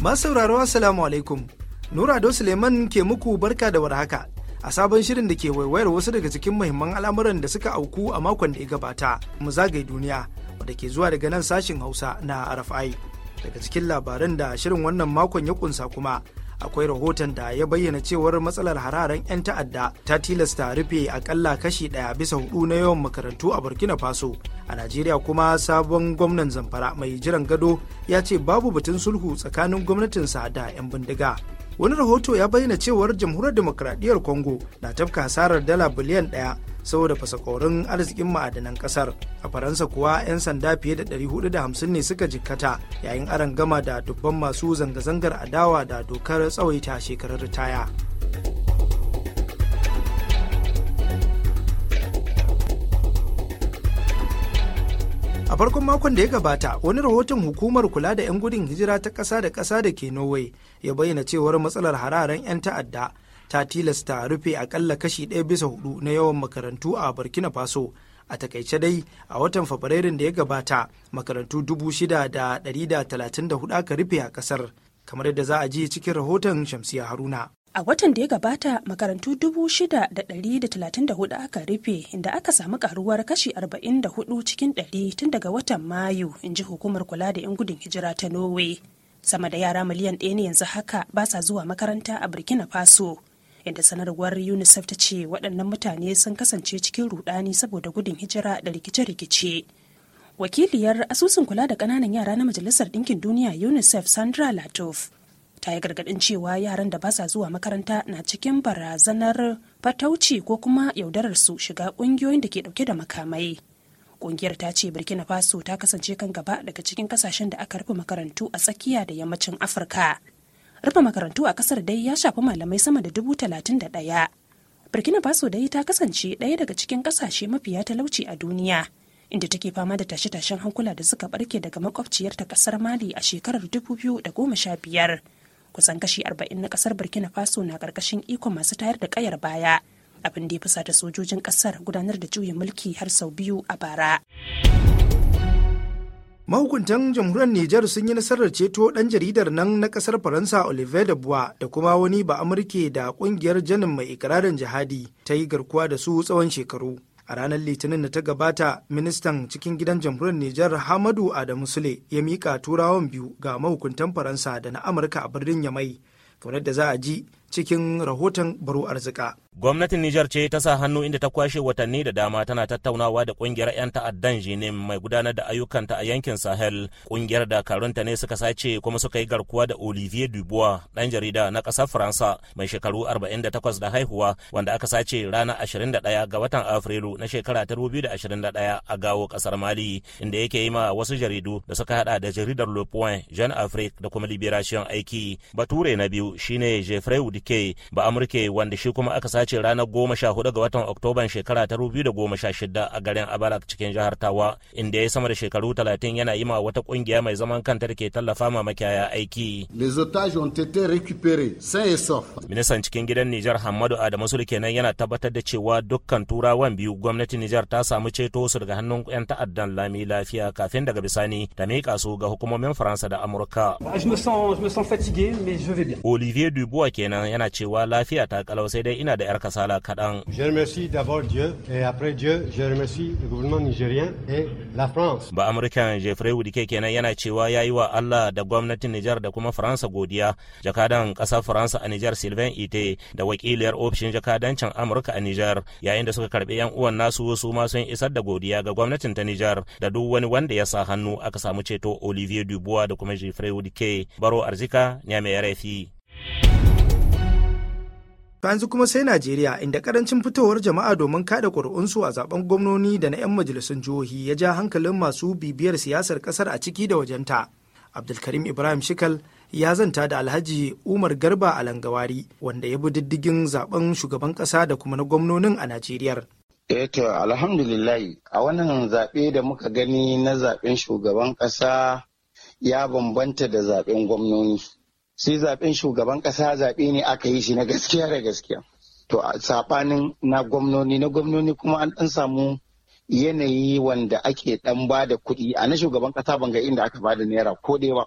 sauraro Assalamu alaikum. Nura Ado Suleiman ke muku barka da warhaka. A sabon shirin da ke waiwayar wasu daga cikin muhimman al'amuran da suka auku a makon da ya gabata, mu zagaye duniya, wadda ke zuwa daga nan sashin Hausa na RFI. Daga cikin labaran da shirin wannan makon ya kunsa kuma, akwai rahoton da ya bayyana cewar matsalar hararen 'yan ta'adda ta tilasta rufe akalla kashi ɗaya bisa hudu na yawan makarantu a burkina faso a najeriya kuma sabon gwamnan zamfara mai jiran gado ya ce babu batun sulhu tsakanin gwamnatinsa da 'yan bindiga wani rahoto ya bayyana cewar jamhuriyar demokradiyyar congo na tafka hasarar dala biliyan ɗaya saboda fasakorin arzikin ma'adanan kasar a faransa kuwa 'yan sanda fiye da 450 ne suka jikkata yayin aron gama da dubban masu zanga-zangar adawa da dokar tsawaita shekarar ritaya a farkon makon da ya gabata wani rahoton hukumar kula da 'yan gudun hijira ta ƙasa da ƙasa da ke norway ya bayyana cewar matsalar hararen 'yan ta'adda ta tilasta rufe akalla kashi ɗaya bisa hudu na yawan makarantu a burkina faso a takaice dai a watan fabrairun da ya gabata makarantu 6,134 aka rufe a kasar kamar yadda za a ji cikin rahoton shamsiya haruna A watan da ya gabata makarantu 6,134 aka rufe inda aka samu karuwar kashi arba'in da 44 cikin 100 tun daga watan Mayu, in ji hukumar kula da 'yan gudun hijira ta Norway. Sama da yara miliyan ɗaya ne yanzu haka ba sa zuwa makaranta a Burkina Faso, inda sanarwar unicef ta ce waɗannan mutane sun kasance cikin rudani saboda gudun hijira da rikice-rikice wakiliyar asusun kula da ƙananan yara na majalisar ɗinkin duniya unicef sandra latov ta yi gargaɗin cewa yaran da ba sa zuwa makaranta na cikin barazanar fatauci ko kuma yaudarar su shiga ƙungiyoyin da ke ɗauke da makamai ƙungiyar ta ce burkina faso ta kasance kan gaba daga cikin ƙasashen da aka rufe makarantu a tsakiya da yammacin afirka rufe makarantu a kasar dai ya shafi malamai sama da dubu talatin da ɗaya burkina faso dai ta kasance ɗaya daga cikin ƙasashe mafiya talauci a duniya inda take fama da tashe-tashen hankula da suka barke daga makwabciyarta ƙasar mali a shekarar 2015 kusan kashi 40 na ƙasar burkina faso na ƙarƙashin ikon masu tayar da kayar baya abin da ya fusa da sojojin ƙasar gudanar da juyin mulki har sau biyu a bara. mahukuntan jamhuriyar Nijar sun yi nasarar ceto ɗan jaridar nan na ƙasar Faransa Olivier de Bois da kuma wani ba Amurke da ƙungiyar janin mai ikirarin jihadi ta yi garkuwa da su tsawon shekaru. A ranar Litinin da ta gabata, ministan cikin gidan jamhuriyar Nijar Hamadu Adamu Sule ya miƙa turawan biyu ga mahukuntan Faransa da na Amurka a birnin Yamai. Kamar da za a ji, cikin rahoton baro arzika. Gwamnatin Nijar ce ta sa hannu inda ta kwashe watanni da dama tana tattaunawa da kungiyar 'yan ta'addan Jinim mai gudanar da ayyukanta a yankin Sahel. Kungiyar dakarunta ne suka sace kuma suka yi garkuwa da Olivier Dubois, ɗan jarida na ƙasar Faransa mai shekaru 48 da haihuwa wanda aka sace ranar 21 ga watan Afrilu na shekara ta 2021 a gawo ƙasar Mali inda yake yi ma wasu jaridu da suka hada da jaridar Le Point, Jean Afrique da kuma Liberation aiki. Bature na biyu shine Geoffrey MBK ba Amurke wanda shi kuma aka sace ranar goma sha hudu ga watan Oktoban shekara ta biyu da goma sha shida a garin Abarak cikin jihar Tawa inda ya sama da shekaru talatin yana yi ma wata kungiya mai zaman kanta da ke tallafa ma makiyaya aiki. Les otages ont été récupérés sans essor. Ministan cikin gidan Nijar Hamadu Adamu Sule kenan yana tabbatar da cewa dukkan turawan biyu gwamnatin Nijar ta samu ceto su daga hannun 'yan ta'addan lami lafiya kafin daga bisani ta miƙa su ga hukumomin Faransa da Amurka. Olivier Dubois kenan yana cewa lafiya ta kalau sai dai ina da yar kasala kaɗan. Je remercie d'abord Dieu et après Dieu je remercie le gouvernement nigérien et la France. Ba Amurkan Jeffrey Wudike kenan yana cewa ya yi wa Allah da gwamnatin Nijar da kuma Faransa godiya. Jakadan ƙasar Faransa a Nijar Sylvain Ite da wakiliyar ofishin jakadancin Amurka a Nijar yayin da suka karɓi 'yan uwan nasu su ma sun isar da godiya ga gwamnatin ta Nijar da duk wani wanda ya sa hannu aka samu ceto Olivier Dubois da kuma Jeffrey Wudike. Baro Arzika, Nyame Rafi. yanzu kuma sai Najeriya inda karancin fitowar jama'a domin kada ƙuri'unsu a zaben gwamnoni da na 'yan majalisun jihohi ya ja hankalin masu bibiyar siyasar kasar a ciki da wajenta. Abdulkarim Ibrahim Shikal ya zanta da Alhaji Umar Garba a Langawari wanda ya bi diddigin zaben shugaban ƙasa da kuma na gwamnonin a Najeriya. Eh to alhamdulillah a wannan zaɓe da muka gani na zaɓen shugaban ƙasa ya bambanta da zaɓen gwamnoni. sai zaben shugaban kasa zaɓe ne aka yi shi na gaskiya da gaskiya to a saɓanin na gwamnoni na gwamnoni kuma an ɗan samu yanayi wanda ake ɗan ba da kuɗi a na shugaban ƙasa, ban ga inda aka ba da naira ko da ba.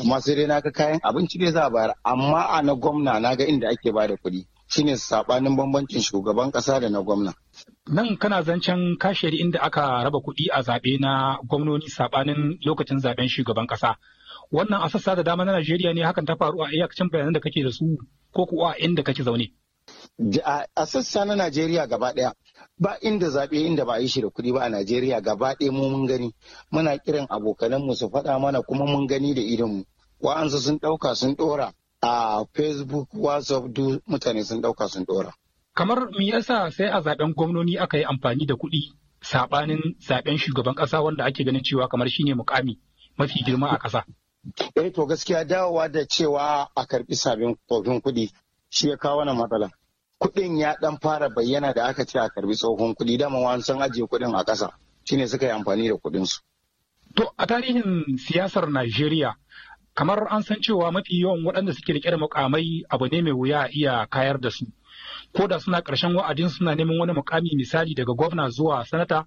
amma sai dai na kayan abinci dai za a bayar amma a na gwamna na ga inda ake ba da kuɗi shine saɓanin bambancin shugaban kasa da na gwamna nan kana zancen kashiyar inda aka raba kuɗi a zaɓe na gwamnoni saɓanin lokacin zaɓen shugaban ƙasa wannan a sassa da dama na Najeriya ne hakan ta faru a iyakacin bayanan da kake da su ko kuwa a inda kake zaune. A sassa na Najeriya gaba ɗaya ba inda zaɓe inda ba a yi shi da kuɗi ba a Najeriya gaba ɗaya mu mun gani muna kiran abokananmu su faɗa mana kuma mun gani da idonmu. Wa'ansu sun ɗauka sun ɗora a Facebook, WhatsApp duk mutane sun ɗauka sun ɗora. Kamar me yasa sai a zaɓen gwamnoni aka yi amfani da kuɗi saɓanin zaɓen shugaban ƙasa wanda ake ganin cewa kamar shine mukami mafi girma a ƙasa. eh to gaskiya dawowa da cewa a karbi sabin kofin kuɗi shi ya kawo wannan matsala kuɗin ya dan fara bayyana da aka ce a karbi tsohon kuɗi dama wani sun ajiye kuɗin a ƙasa shine suka yi amfani da kuɗinsu. su to a tarihin siyasar Najeriya kamar an san cewa mafi yawan waɗanda suke riƙe da mukamai abu ne mai wuya iya kayar da su ko da suna ƙarshen wa'adin suna neman wani mukami misali daga gwamna zuwa sanata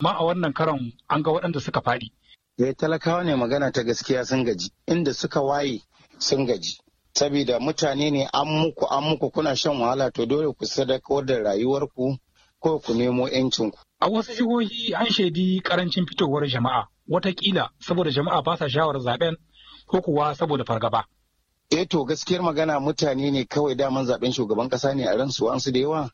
ma a wannan karon an ga waɗanda suka faɗi ya eh, talakawa ne magana ta gaskiya sun gaji inda suka waye sun gaji saboda mutane ne an muku an muku kuna shan wahala to dole ku sadakar da rayuwarku ko ku nemo yancinku. A wasu jihohi an shaidi karancin fitowar jama'a watakila saboda jama'a ba sa shawar zaben ko kuwa saboda fargaba. E to gaskiyar magana mutane ne kawai daman zaben shugaban kasa ne a ransu an su da yawa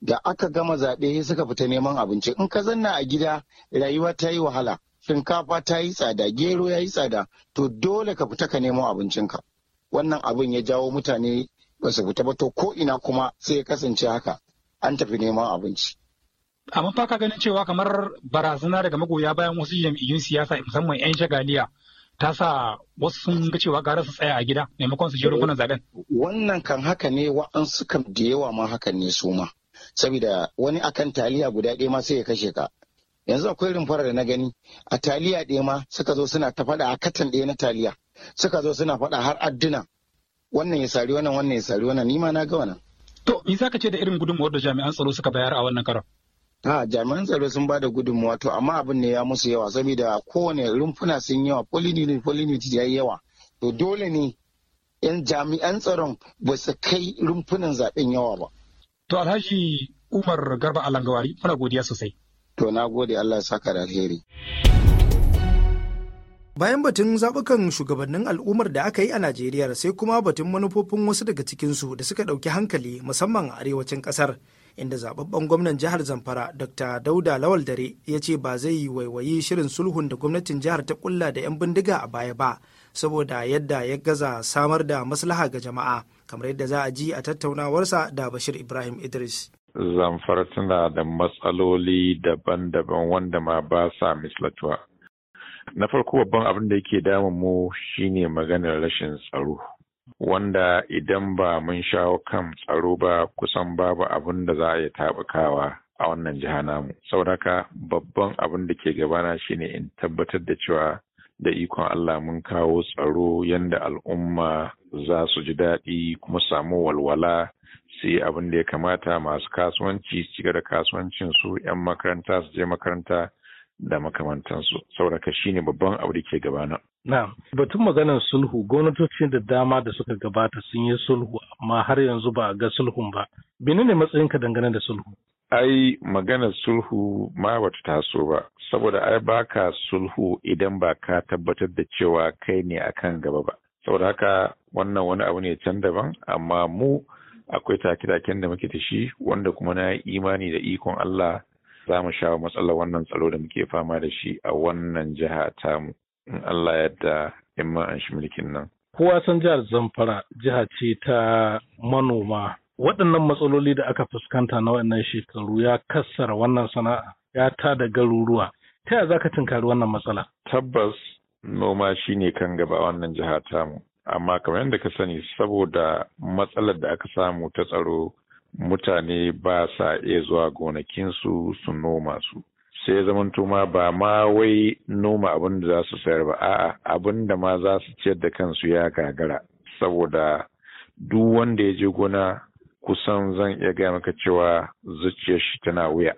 da aka gama zaɓe suka fita neman abinci in ka zanna a gida rayuwa ta yi wahala shinkafa ta yi tsada gero ya yi tsada to dole ka fita ka nemo abincinka wannan abin ya jawo mutane ba su fita ba to ko ina kuma sai ya kasance haka an tafi neman abinci amma fa ka ganin cewa kamar barazana daga magoya bayan wasu jam'iyyun siyasa musamman 'yan shagaliya ta sa wasu sun ga cewa gara su tsaya a gida maimakon su je rukunan zaben. Wannan kan haka ne wa'ansu kan da yawa ma hakan ne su ma. Saboda wani akan taliya guda ɗaya ma sai ya kashe ka. yanzu akwai irin fara da na gani a taliya ɗaya ma suka zo suna ta faɗa a katan ɗaya na taliya suka zo suna faɗa har adduna wannan ya sari wannan wannan ya sari wannan nima na ga wannan. to me zaka ce da irin gudunmuwar da jami'an tsaro suka bayar a wannan karon. a jami'an tsaro sun ba da gudunmuwa to amma abin ne ya musu yawa saboda kowane rumfuna sun yawa polinity ya yi yawa to dole ne yan jami'an tsaron ba su kai rumfunan zaɓen yawa ba. to alhaji umar garba alangawari muna godiya sosai. To na gode Allah ya saka da alheri. Bayan batun zaɓukan shugabannin al'ummar da aka yi a Najeriya sai kuma batun manufofin wasu daga cikinsu da suka ɗauki hankali musamman a arewacin ƙasar. Inda zababben gwamnan jihar Zamfara Dr. Dauda Lawal Dare ya ce ba zai yi waiwayi shirin sulhun da gwamnatin jihar ta kulla da 'yan bindiga a baya ba, saboda yadda ya gaza samar da maslaha ga jama'a, kamar yadda za a ji a tattaunawarsa da Bashir Ibrahim Idris. zamfara tana da matsaloli daban-daban wanda ma ba sa mislatuwa. Na farko babban abin da yake damun mu shine maganar rashin tsaro. Wanda idan ba mun shawo kan tsaro ba kusan babu abin da za a yi taɓukawa a wannan jiha namu. Sauraka babban abin da ke gabana shine in tabbatar da cewa da ikon Allah mun kawo tsaro yanda al'umma za su ji daɗi kuma samu walwala su yi abin da ya kamata masu kasuwanci su cigaba da kasuwancin su 'yan makaranta su je makaranta da makamantansu saboda shi ne babban abu da ke gabana. Na batun maganar sulhu gwamnatocin da dama da suka gabata sun yi sulhu amma har yanzu ba a ga sulhun ba. Bini ne matsayin ka dangane da sulhu? Ai maganar sulhu ma bata taso ba saboda ai baka sulhu idan ba ka tabbatar da cewa kai ne akan gaba ba. Saboda haka wannan wani abu ne can daban amma mu akwai take-taken da muke da shi wanda kuma na yi imani da ikon Allah za mu sha matsalar wannan tsaro da muke fama da shi a wannan jiha mu. in Allah yadda in ma an shi mulkin nan. Kowa san jihar Zamfara jiha ce ta manoma waɗannan matsaloli da aka fuskanta na wannan shekaru ya kassara wannan sana'a ya ta da garuruwa ta yaya za ka tunkari wannan matsala? Tabbas noma shine kan gaba wannan jiha mu. amma kamar yadda ka sani saboda matsalar da aka samu ta tsaro mutane ba sa iya zuwa gonakinsu su noma su sai zamanto ma ba ma wai noma abin da za su sayar ba a'a abin da ma za su ciyar da kansu ya gagara saboda duk wanda ya je gona kusan zan iya gaya maka cewa zuciyar shi tana wuya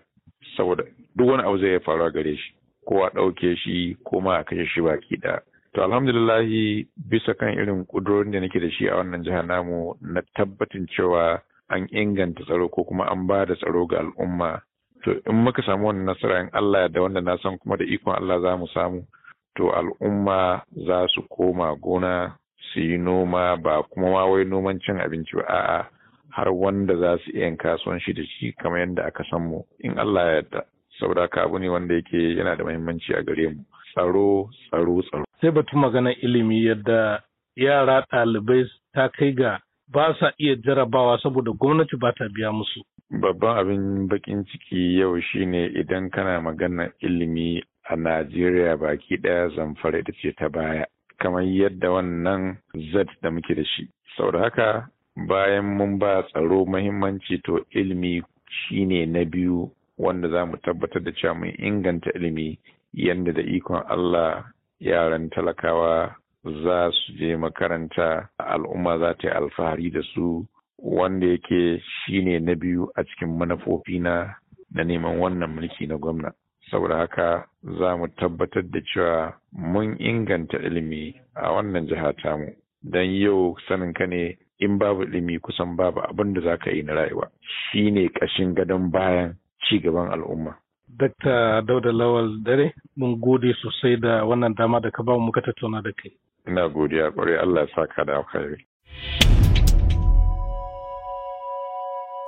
saboda duk wani abu zai faru gare shi ko a ɗauke shi ko ma a kashe shi baki ɗaya To alhamdulillahi bisa kan irin kudurorin da nake da shi a wannan jihar namu na tabbatin cewa an inganta tsaro ko kuma an ba da tsaro ga al'umma. To in muka samu wannan nasara in Allah da wanda na san kuma da ikon Allah za mu samu. To al'umma za su koma gona su yi noma ba kuma ma wai noman cin abinci ba a'a har wanda za su iya kasuwan shi da shi kamar yadda aka san mu in Allah ya yarda. Saboda abu ne wanda yake yana da muhimmanci a gare mu. tsaro tsaro tsaro sai batun magana ilimi yadda yara ɗalibai ta kai ga ba sa iya jarabawa saboda gwamnati ba ta biya musu babban abin bakin ciki yau shine idan kana magana ilimi a najeriya baki ɗaya zamfara ita ce ta baya kamar yadda wannan z da muke da shi sau da haka bayan mun ba tsaro mahimmanci to ilimi shine na biyu wanda za mu tabbatar da cewa mun inganta ilimi yadda da ikon Allah yaran talakawa za su je makaranta a al'umma za ta yi alfahari da su wanda yake shine na biyu a cikin manufofina na na neman wannan mulki na gwamna saboda haka za mu tabbatar da cewa mun inganta ilimi a wannan jiha mu, don yau sanin ka ne in babu ilimi kusan babu abin da za ka yi na rayuwa shine ƙashin gadon bayan ci gaban al'umma Dr. Dauda Lawal Dare, mun gode sosai da wannan dama da ka ba mu tattauna da kai. Ina godiya kwarai Allah ya saka da alkhairi.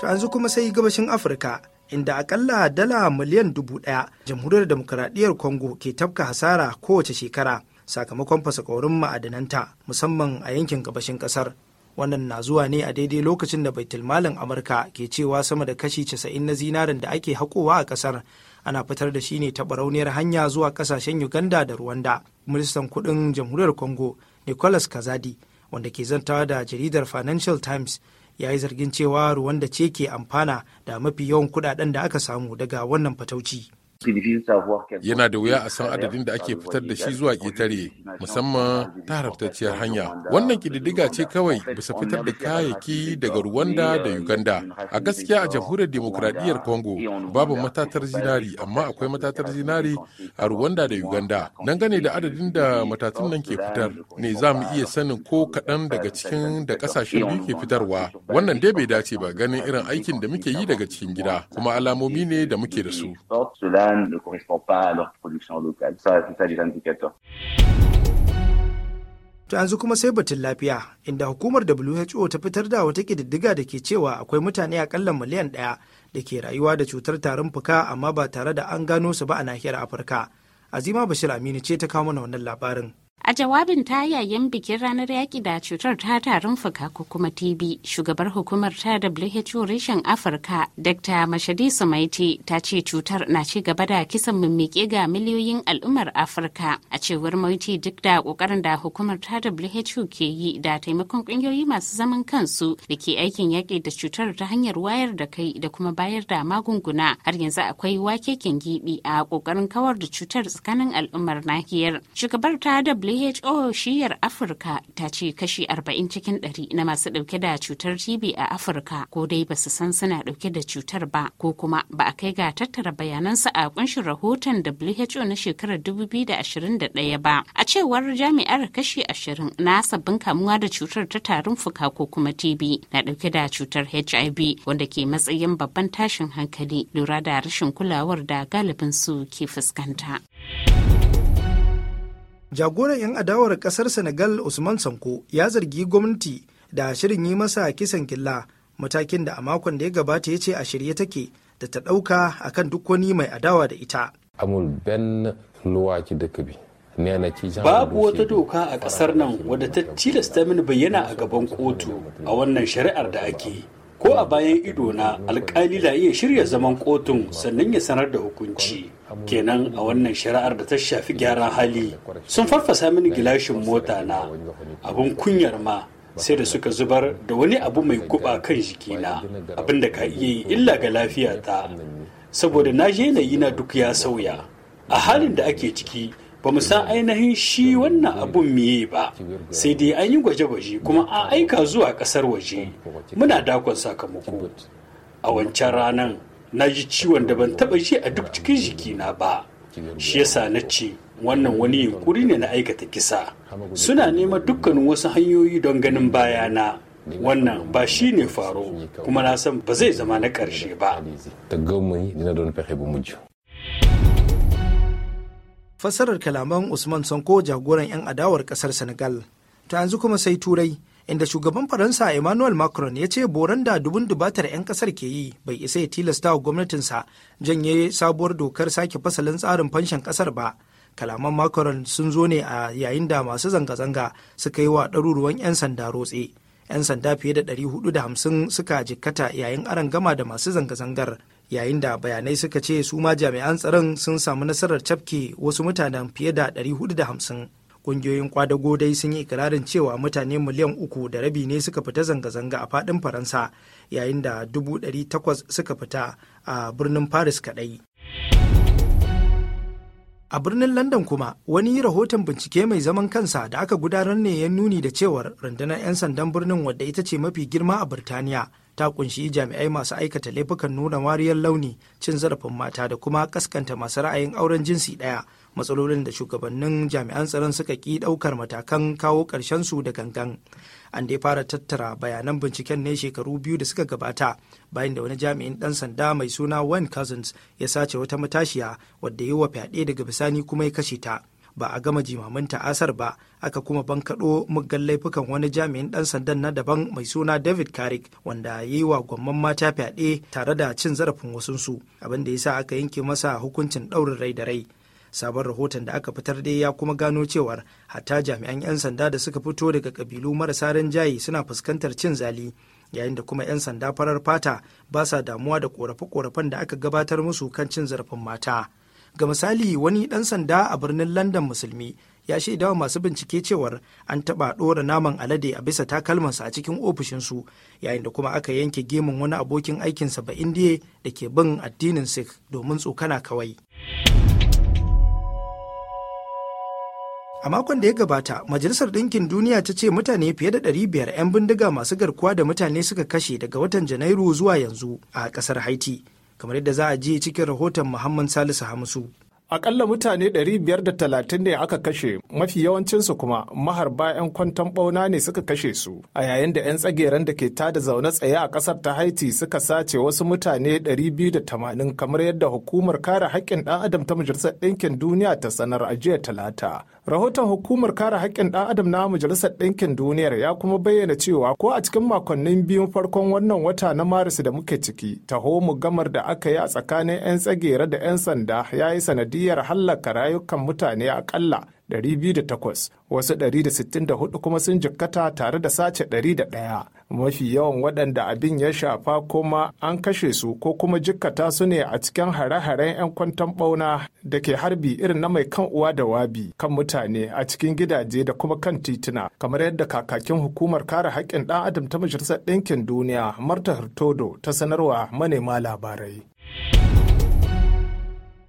To yanzu kuma sai gabashin Afirka inda akalla dala miliyan dubu ɗaya jamhuriyar demokuraɗiyyar Congo ke tafka hasara kowace shekara sakamakon fasa fasakorin ma'adananta musamman a yankin gabashin ƙasar. Wannan na zuwa ne a daidai lokacin da baitulmalin Amurka ke cewa sama da kashi 90 na zinarin da ake haƙowa a ƙasar ana fitar da shi ne ta barauniyar hanya zuwa kasashen uganda da rwanda ministan kudin jamhuriyar congo nicholas kazadi wanda ke zantawa da jaridar financial times ya yi zargin cewa rwanda ce ke amfana da mafi yawan kudaden da aka samu daga wannan fatauci Yana da wuya a san adadin da ake fitar da shi zuwa ƙetare, musamman ta haramtacciyar hanya. Wannan ƙididdiga ce kawai bisa fitar da kayayyaki daga ruwanda da Uganda. A gaskiya a jamhuriyar demokuraɗiyyar Congo babu matatar zinari, amma akwai matatar zinari a ruwanda da Uganda. nan gane da adadin da matatun nan ke fitar, ne za mu iya sanin ko kaɗan daga cikin da ƙasashen biyu ke fitarwa. Wannan dai bai dace ba ganin irin aikin da muke yi daga cikin gida, kuma alamomi ne da muke da su. local ne correspond pas à leur production locale. Ça, c'est ça les indicateurs. To yanzu kuma sai batun lafiya inda hukumar WHO ta fitar da wata kididdiga da ke cewa akwai mutane akalla miliyan ɗaya da ke rayuwa da cutar tarin fuka amma ba tare da an gano su ba a nahiyar Afirka. Azima Bashir Aminu ce ta kawo mana wannan labarin. A jawabin ta yayin bikin ranar yaƙi da cutar ta tarin fuka ko kuma TB, shugabar hukumar ta WHO reshen Afirka, Dr. Mashadi Sumaiti ta ce cutar na ci gaba da kisan mimmiƙe ga miliyoyin al'ummar Afirka. A cewar Maiti duk da ƙoƙarin da hukumar ta WHO ke yi da taimakon ƙungiyoyi masu zaman kansu da ke aikin yaƙi da cutar ta hanyar wayar da kai da kuma bayar da magunguna har yanzu akwai wake gibi a ƙoƙarin kawar da cutar tsakanin al'ummar nahiyar. Shugabar ta WHO shiyar Afirka ta ce kashi 40 cikin ɗari na masu ɗauke da cutar TB a Afirka ko dai ba su san suna ɗauke da cutar ba ko kuma ba a kai ga tattara bayanansu a kunshin rahoton WHO na shekarar 2021 ba. A cewar jami'ar kashi 20 na sabbin kamuwa da cutar ta tarin fuka ko kuma TB na ɗauke da cutar HIV wanda ke matsayin babban tashin hankali lura da rashin kulawar da galibin su ke fuskanta. jagoran 'yan adawar kasar senegal usman sanko ya zargi gwamnati da shirin yi masa kisan killa matakin da a makon da ya gabata ya ce a shirye take da ta ɗauka kan duk wani mai adawa da ita amul Babu wata doka a ƙasar nan wadda ta tilasta mini bayyana a gaban kotu a wannan shari'ar da ake. Ko a bayan na alkali alkalila iya shirya zaman kotun sannan ya sanar da hukunci. kenan a wannan shari'ar da ta shafi gyaran hali sun farfasa mini gilashin mota na abin kunyar ma sai da suka zubar da wani abu mai guba kan jikina abin da ka iya yi illa ga lafiyata saboda na je na yi na duk ya sauya a halin da ake ciki ba mu san ainihin shi wannan abun miye ba sai dai an yi gwaje-gwaje kuma an aika zuwa kasar waje muna dakon sakamako a wancan ranar na ji ciwon da ban taba ji a duk cikin jikina ba shi yasa na ce wannan wani yunkuri ne na aikata kisa suna neman dukkanin wasu hanyoyi don ganin bayana wannan ba shi ne faro kuma na san ba zai zama na ƙarshe ba fassarar kalaman usman sanko jagoran 'yan adawar kasar senegal ta yanzu kuma sai turai inda shugaban faransa emmanuel macron ya ce boran da dubun dubatar 'yan kasar ke yi bai isa ya tilasta wa gwamnatinsa janye sabuwar dokar sake fasalin tsarin fanshin kasar ba kalaman macron sun zo ne a yayin da masu zanga-zanga suka yi wa ɗaruruwan 'yan sanda rotse 'yan sanda fiye da ɗari da hamsin suka jikkata yayin aron gama da masu zanga-zangar yayin da bayanai suka ce su ma jami'an tsaron sun samu nasarar cafke wasu mutanen fiye da ɗari da hamsin. kungiyoyin kwadago dai sun yi ikirarin cewa mutane miliyan uku da rabi ne suka fita zanga-zanga a fadin Faransa yayin da dubu ɗari takwas suka fita a birnin Paris kaɗai. A birnin London kuma wani rahoton bincike mai zaman kansa da aka gudanar ne ya nuni da cewar rundunar 'yan sandan birnin wadda ita ce mafi girma a Birtaniya ta kunshi jami'ai masu aikata laifukan nuna wariyar launi cin zarafin mata da kuma kaskanta masu ra'ayin auren jinsi ɗaya matsalolin da shugabannin jami'an tsaron suka ki ɗaukar matakan kawo su da gangan an dai fara tattara bayanan binciken ne shekaru biyu da suka gabata bayan da wani jami'in ɗan sanda mai suna wayne cousins ya sace wata matashiya wadda yi wa fyaɗe daga bisani kuma ya kashe ta ba a gama jimamin ta'asar ba aka kuma bankaɗo muggan laifukan wani jami'in ɗan sandan na daban mai suna david carrick wanda ya yi wa gwamman mata fyaɗe tare da cin zarafin wasunsu abinda ya sa aka yanke masa hukuncin ɗaurin rai da rai sabon rahoton da aka fitar dai ya kuma gano cewar hatta jami'an 'yan sanda da suka fito daga kabilu marasa rinjaye suna fuskantar cin zali yayin da kuma 'yan sanda farar fata ba sa damuwa da korafe-korafen da aka gabatar musu kan cin zarafin mata ga misali wani dan sanda a birnin london musulmi ya shaidawa masu bincike cewar an taba ɗora naman alade a bisa takalmansa a cikin ofishinsu yayin da kuma aka yanke gemun wani abokin aikinsa ba indiya da ke bin addinin sikh domin tsokana kawai A makon da ya gabata, Majalisar Ɗinkin Duniya ta ce mutane fiye da 500 'yan bindiga masu garkuwa da mutane suka kashe daga watan Janairu zuwa yanzu a ƙasar Haiti, kamar yadda za a ji cikin rahoton Muhammad Salisu hamsu. Akalla mutane 530 ne aka kashe, mafi yawancinsu kuma maharba 'yan kwanton ɓauna ne suka kashe su, a yayin da 'yan tsageren da ke tada zaune tsaye a ƙasar ta Haiti suka sace wasu mutane 280 kamar yadda hukumar kare haƙƙin ɗan adam ta Majalisar Ɗinkin Duniya ta sanar a jiya Talata. rahoton hukumar kare haƙƙin ɗan adam na majalisar ɗinkin duniyar ya kuma bayyana cewa ko a cikin makonnin biyun farkon wannan wata na maris da muke ciki taho gamar da aka yi a tsakanin 'yan tsagera da 'yan sanda ya yi sanadiyar hallaka rayukan mutane akalla 208 wasu 164 kuma sun jikkata tare da sace 101 mafi yawan waɗanda abin ya shafa kuma an kashe su ko kuma jikkata su ne a cikin hare-haren 'yan kwanton ɓauna da ke harbi irin na mai kan uwa da wabi kan mutane a cikin gidaje da kuma kan tituna kamar yadda kakakin hukumar kare haƙƙin ɗan adam ta majalisar ɗinkin duniya marta hurtodo ta sanarwa manema labarai.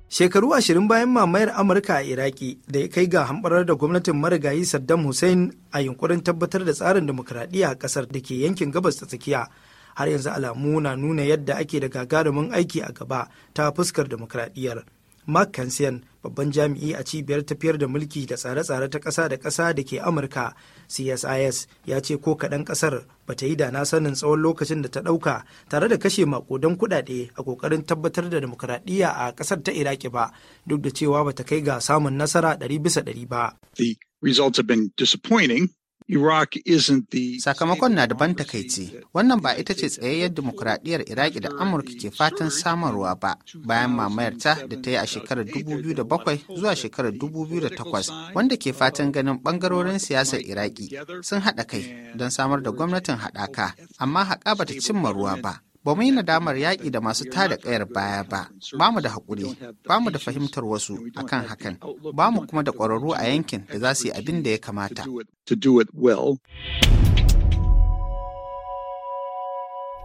shekaru ashirin bayan mamayar amurka a iraki da ya kai ga hamɓarar da gwamnatin marigayi saddam hussein a yunkurin tabbatar da tsarin demokuraɗiyya a ƙasar da ke yankin gabas ta tsakiya har yanzu alamu na nuna yadda ake da gagarumin aiki a gaba ta fuskar demokuraɗiyyar Mark Kansian babban jami'i a cibiyar tafiyar da mulki da tsare-tsare ta ƙasa da ƙasa da ke Amurka CSIS ya ce ko kaɗan ƙasar ba ta yi da na sanin tsawon lokacin da ta ɗauka tare da kashe maƙudan kuɗaɗe a ƙoƙarin tabbatar da demokuraɗiyya a ƙasar ta Iraki ba duk da cewa ba ta kai ga samun nasara ɗari bisa ɗari ba. The results have been disappointing Sakamakon na daban takaici, wannan ba ita ce tsayayyar dimokuraɗiyyar Iraki da Amurka ke fatan samarwa ba bayan mamayarta da ta yi a shekarar 2007 zuwa shekarar 2008 wanda ke uh, fatan ganin ɓangarorin siyasar Iraki sun haɗa kai don samar da gwamnatin haɗaka, amma haƙa bata cimma ruwa ba. ba mu yi nadamar yaƙi da masu tada ƙayar baya ba ba mu da haƙuri ba mu da fahimtar wasu akan hakan ba mu kuma da ƙwararru a yankin da za su yi abin da ya kamata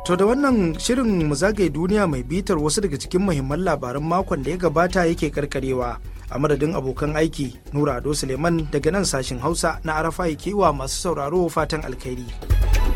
To da wannan shirin mu zagaye duniya mai bitar wasu daga cikin muhimman labaran makon da ya gabata yake karkarewa a madadin abokan aiki Nura Ado Suleiman daga nan sashin Hausa na Arafa wa masu sauraro fatan alkhairi.